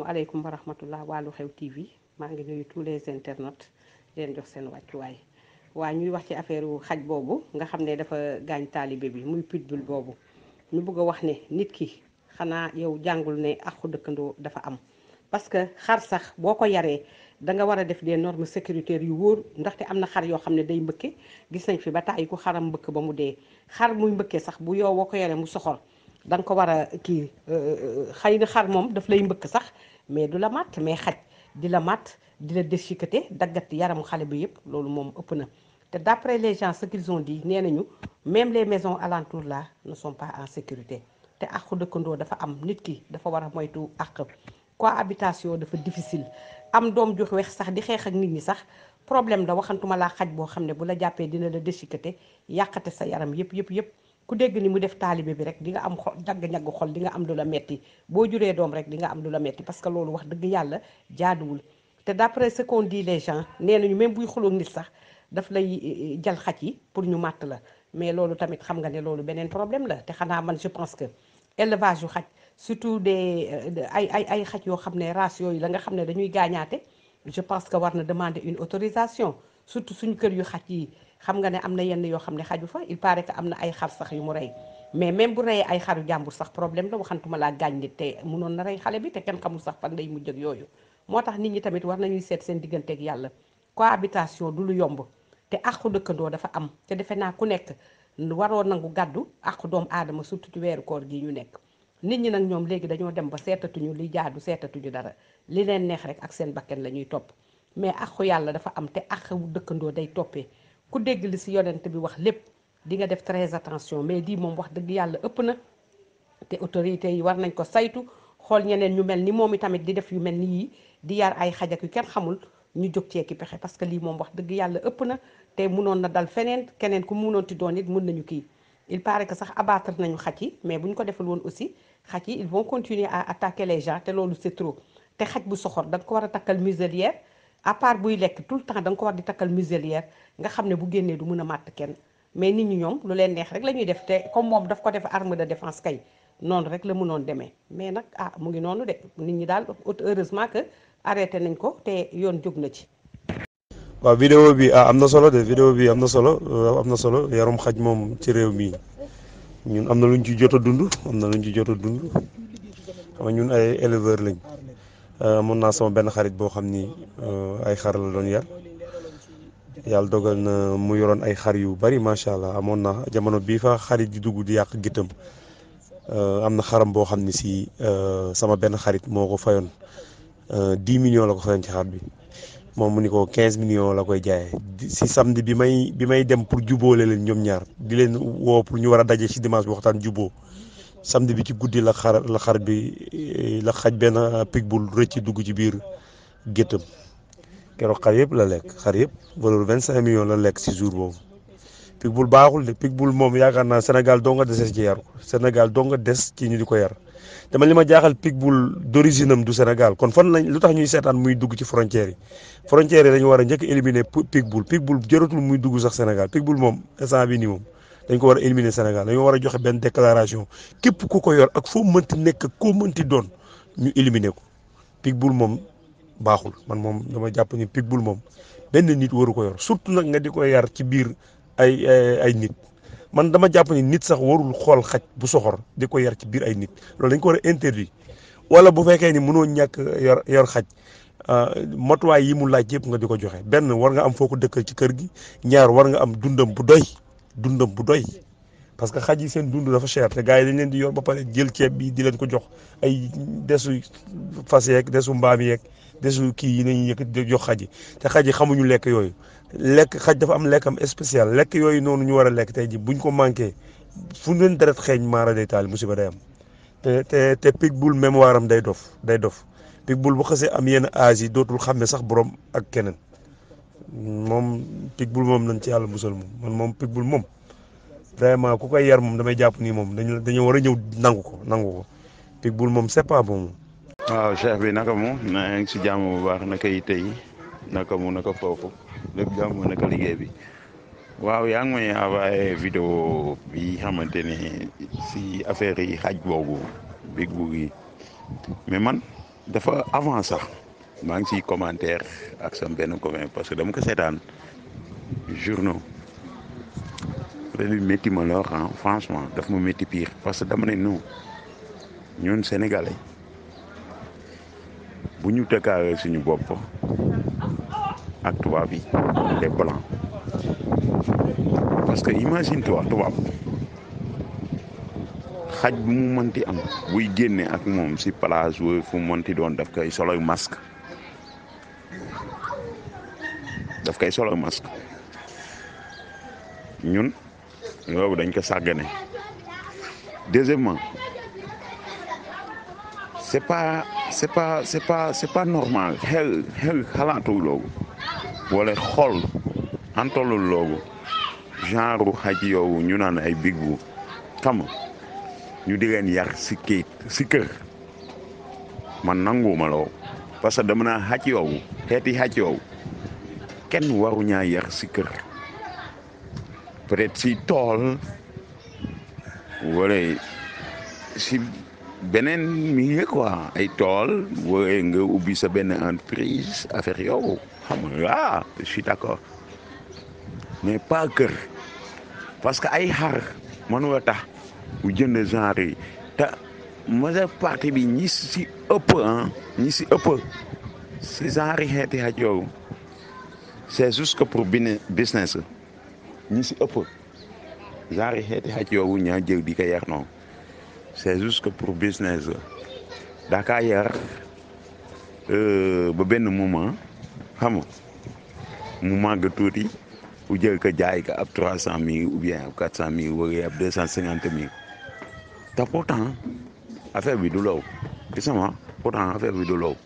asalaamualeykum wa rahmatullah waa Lu Xew TV maa ngi nuyu tous les internautes di leen jox seen wàccuwaay waa ñuy wax ci affaire xaj boobu nga xam ne dafa gaañ taalibe bi muy pitbull boobu ñu bugg a wax ne nit ki xanaa yow jàngul ne àqu dëkkandoo dafa am parce que xar sax boo ko yaree da nga war a def des normes sécuritaires yu wóor ndaxte am na xar yoo xam ne day mbëkke gis nañ fi ba tàyyi ku xaram mbëkk ba mu dee xar muy mbëkkee sax bu yow boo ko yaree mu soxor da ko war a kii euh, euh, xëy na xar moom daf lay mbëkk sax mais du la màtt mais xaj di la màtt di la déchiqueté daggati yaramu xale bi yëpp loolu moom ëpp na te d'après les gens ce qu'ils ont nee nañu même les maisons alentour la ne sont pas en sécurité te àqu dëkkandoo dafa am nit ki dafa war a moytu àq cohabitation dafa difficile am doom ju weex sax di xeex ak nit ñi sax problème da waxantuma laa xaj boo xam ne bu la jàppee dina la déchiqueté yàqate sa yaram yëpp yëpp yëpp ku dégg ni mu def taalibe bi rek di nga am xol dagg-ñagg di nga am du la metti boo juree doom rek di nga am du la metti parce que loolu wax dëgg yàlla jaaduwul te d'après ce qu'on dit les gens nee nañu même buy xuloog nit sax daf lay eh, eh, jal xaj yi pour ñu màtt la mais loolu tamit xam nga ne loolu beneen problème la te xanaa man je pense que élevage yu xaj surtout des euh, ay ay ay xaj yoo xam ne race yooyu la nga xam ne dañuy gaañaate je pense que war na demander une autorisation surtout suñu kër yu xaj yi xam nga ne am na yenn yoo xam ne xaju fa il paraît que am na ay xar sax yu mu rey mais même bu reyee ay xaru jàmbur sax problème la waxantuma laa gaañ nit te munoon na rey xale bi te kenn xamul sax fan lay mujj ak yooyu moo tax nit ñi tamit war nañuy seet seen digganteeg yàlla cohabitation du lu yomb te àqu dëkkandoo dafa am te defe naa ku nekk waroo nangu gàddu àqu doomu aadama surtout ci weeru koor gi ñu nekk nit ñi nag ñoom léegi dañoo dem ba seetatuñu li jaadu seetatuñu dara li leen neex rek ak seen bakken la ñuy topp mais àqu yàlla dafa am te àqu dëkkandoo day toppee ku dégg li si yonent bi wax lépp dinga nga def très attention mais di moom wax dëgg yàlla ëpp na te autorités yi war nañ ko saytu xool ñeneen ñu mel ni moom i tamit di def yu mel ni yii di yar ay xajak yu kenn xamul ñu jóg ceeki pexe parce que lii moom wax dëgg yàlla ëpp na te munoon na dal feneen keneen ku munoon ti doon it mun nañu kii il pare que sax abattre nañu xaj yi mais bu ñu ko defal woon aussi xaj yi ils vont continuer à attaquer les te loolu c'est te xaj bu soxor da ko war a takkal muselière à part buy lekk tout le temps da ko war di takkal muselière nga xam ne bu génnee du mën a màtt kenn mais nit ñi ñoom lu leen neex rek la ñuy def te comme moom daf ko def arme de défense kay noonu rek la mënoon demee mais nag ah mu ngi noonu de nit ñi daal heureusement que arrêté nañ ko te yoon jóg na ci. waaw vidéo bi ah am na solo de vidéo bi am na solo am na solo yarum xaj moom ci réew mi ñun am na luñ ci jot a dund am na luñ ci jot a dund xam nga ñun ay éleveur lañ. Euh, mun naa sama benn xarit boo xam ni euh, ay xar la doon yar yàlla dogal na mu yoroon ay xar yu bari macha allah amoon na jamono bii fa xarit di dugg di yàq gittam euh, am na xaram boo xam ne si sama benn xarit moo ko fayoon 10 millions la ko fayoon ci xar bi moom mu ni ko 15 millions la koy jaaye si samedi bi may bi may dem pour jubóole leen ñoom ñaar di leen woo pour ñu war a daje si dimanche bi waxtaan juboo samedi bi ci guddi la xar la xar bi la xaj benn pick pitbull rëcc dugg ci biir géttam keroog xar yëpp la lekk xar yëpp valeur vingt cinq millions la lekk si jour boobu pitbull baaxul de pitbull moom yaakaar naa Sénégal doo nga deses ci yar des ci ñu di ko yar te ma li ma jaaxal pitbull d'origine am du Sénégal kon fan lañ lu tax ñuy seetaan muy dugg ci frontières yi frontières yi dañu war a njëkk éliminer pitbull pitbull jëratul muy dugg sax Sénégal pitbull moom instant bi nii dañ ko war a éliminer Sénégal dañoo war a joxe benn déclaration képp ku ko yor ak foo mënti nekk koo mënti doon ñu éliminer ko Pitbull moom baaxul man moom dama jàpp ni Pitbull moom benn nit waru ko yor surtout nag nga di ko yar ci biir ay ay nit man dama jàpp ni nit sax warul xool xaj bu soxor di ko yar ci biir ay nit loolu dañ ko war a interdit wala bu fekkee ni mënoo ñàkk yor yor xaj ah, matuwaay yi mu laaj yëpp nga di ko joxe benn war nga am foo ko dëkkal ci kër gi ñaar war nga am dundam bu doy dundam bu doy parce que xaj yi seen dund dafa cher te gars yi dañ leen di yor ba pare jël ceeb bii di leen ko jox ay desu fas yeeg desu mbaam yeeg desu kii yi nañu yëkkati di jox xaj te xaj xamuñu lekk yooyu lekk xaj dafa am lekkam spécial lekk yooyu noonu ñu war a lekk tey ji buñ ko manqué fu leen deret xeeñ maara day taal musiba day am te te te pitbull mémoire am day dof day dof pitbull bu xasee am yenn âge yi dootul xam ne sax borom ak keneen moom Pitbull moom nañ ci yàlla musal moom man moom Pitbull moom vraiment ku koy yar moom damay jàpp nii moom dañu dañoo war a ñëw nangu ko nangu ko Pitbull moom c'est pas bon. waaw cheikh bi naka mu ngi si jàmm bu baax naka yi tey naka mu naka foofu lépp jàmm naka liggéey bi waaw yaa ngi may envoyé vidéo bi xamante ne si affaire yi xaj boobu big bu mais man dafa avant sax. maa ngi ciy commentaire ak sam benn copain parce que dama ko seetaan journaux loolu métti ma loo franchement daf ma métti pire parce que dama ne non ñun sénégalais bu ñu tëkkaawee suñu bopp ak tubaab yi les blancs parce que imagine toi tubaab xaj bu mu mënti am buy génne ak moom si place fu mu mënti doon daf koy soloy masque. daf koy solo masque ñun loolu dañ ko sàggane deuxièmement c'est pas c'est pas c'est pas c'est pas normal xel wala xool antolu genre genre xaj yoowu ñu naan ay big bu xam ñu di leen yar si kayit si kër man nanguwuma loo parce que dama naa xaj yoowu xeeti xaj yoowu kenn waruñaa yar si kër peut-être si tool wala si beneen milieu quoi ay tool wala nga ubbi sa benn entreprise affaire yow xam nga ah, je suis d'accord mais pas parce que ay xar mënula tax bu jënd genre yi te majeure partie bi ñi si ëpp ah ñi si ëpp si genre yi xeeti xaj c'est juste que pour business ñi si ëpp genre yi xeeti xaj yoowu ñaa jëw di ko yar noonu c'est juste que pour business daa kaa yar euh, ba benn moment xam nga mu màgg tuuti bu jël ko jaay ko ab trois cent mille ou bien ab quatre cent mille wala ab cent cinquante mille te pourtant affaire bi du low gis nga pourtant bi du low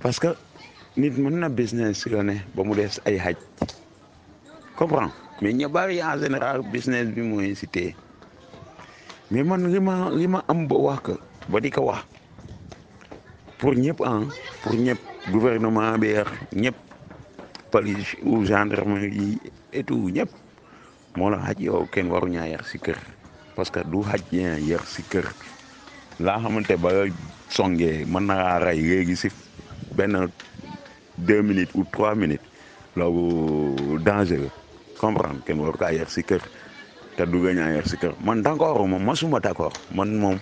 parce que nit mën na business la ne ba mu des ay xaj comprend mais ñu bari en général business bi mooy cité mais man li ma li ma am ba wax ko ba di ko wax pour ñëpp ah pour ñëpp gouvernement bi ñëpp police ou gendarmerie et tout ñëpp moo la xaj yow kenn waruñaa yar si kër parce que du xaj ñaa yar si kër laa xamante ba songee mën na laa léegi si benn deux minutes ou trois minutes loolu dangereux comprendre kenn waru kaa yar si kër te du nga ñaa yar si kër man d'accord moom mosuma d'accord man moom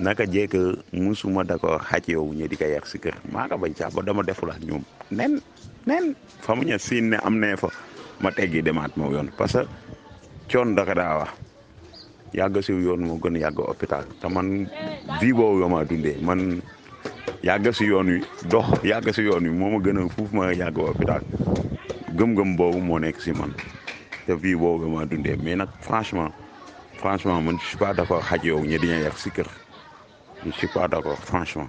naka jekk mosuma d'accord xaj yow ñu di ko yar si kër maa bañ sax dama deful ak ñoom nen nen fa mu ña siin ne am ne fa ma teggi demaat moo yoon parce que coon daka daa wax yàgg si yoon moo gën yàgg hôpital te man vie boobu yow dundee yàgg si yoon wi dox yàgg si yoon wi moo ma gën a fuuf ma yàgg hôpital gëm-gëm boobu moo nekk si man te fii boobu ma dundee mais nag franchement franchement man je suis pas d'accord xaj yow ñi di ñu yàq si kër je suis pas d'accord franchement